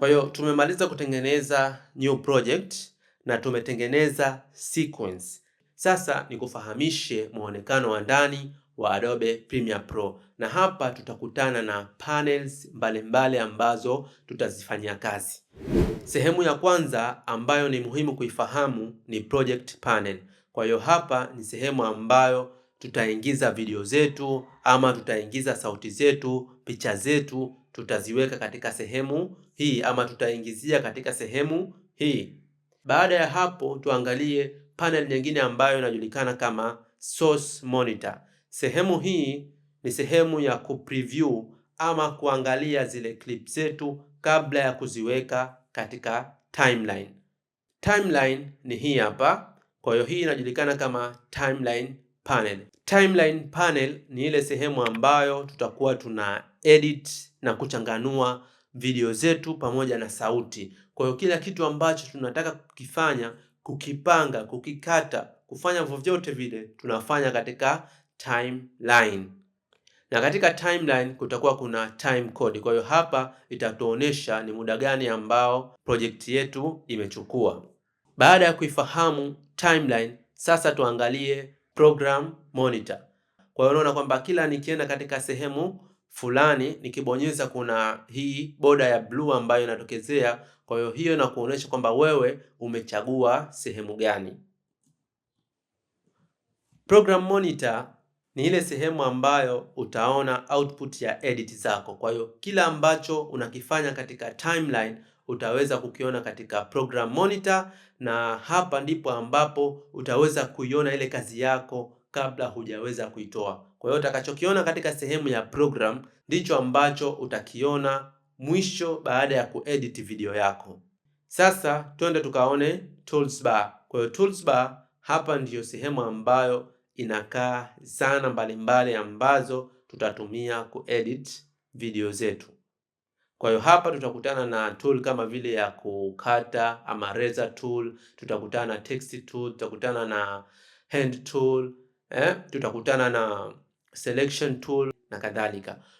Kwa hiyo tumemaliza kutengeneza new project na tumetengeneza sequence. Sasa nikufahamishe muonekano wa ndani wa Adobe Premiere Pro, na hapa tutakutana na panels mbalimbali mbali ambazo tutazifanyia kazi. Sehemu ya kwanza ambayo ni muhimu kuifahamu ni project panel. Kwa hiyo hapa ni sehemu ambayo tutaingiza video zetu ama tutaingiza sauti zetu, picha zetu tutaziweka katika sehemu hii ama tutaingizia katika sehemu hii. Baada ya hapo, tuangalie panel nyingine ambayo inajulikana kama source monitor. Sehemu hii ni sehemu ya kupreview ama kuangalia zile clip zetu kabla ya kuziweka katika timeline. Timeline ni hii hapa, kwa hiyo hii inajulikana kama timeline panel. Timeline panel ni ile sehemu ambayo tutakuwa tuna edit na kuchanganua video zetu pamoja na sauti. Kwa hiyo kila kitu ambacho tunataka kukifanya, kukipanga, kukikata, kufanya vyovyote vile tunafanya katika timeline, na katika timeline kutakuwa kuna time code. Kwa hiyo hapa itatuonesha ni muda gani ambao project yetu imechukua. Baada ya kuifahamu timeline, sasa tuangalie program monitor. Kwa hiyo unaona kwamba kila nikienda katika sehemu fulani, nikibonyeza kuna hii boda ya bluu ambayo inatokezea. Kwa hiyo hiyo na kuonyesha kwamba wewe umechagua sehemu gani. Program monitor ni ile sehemu ambayo utaona output ya edit zako. Kwa hiyo kila ambacho unakifanya katika timeline utaweza kukiona katika program monitor, na hapa ndipo ambapo utaweza kuiona ile kazi yako kabla hujaweza kuitoa. Kwa hiyo utakachokiona katika sehemu ya program ndicho ambacho utakiona mwisho baada ya kuedit video yako. Sasa twende tukaone tools bar. Kwa hiyo tools bar hapa ndiyo sehemu ambayo inakaa zana mbalimbali ambazo tutatumia kuedit video zetu. Kwa hiyo hapa tutakutana na tool kama vile ya kukata ama razor tool, tutakutana na text tool, tutakutana na hand tool eh, tutakutana na selection tool na kadhalika.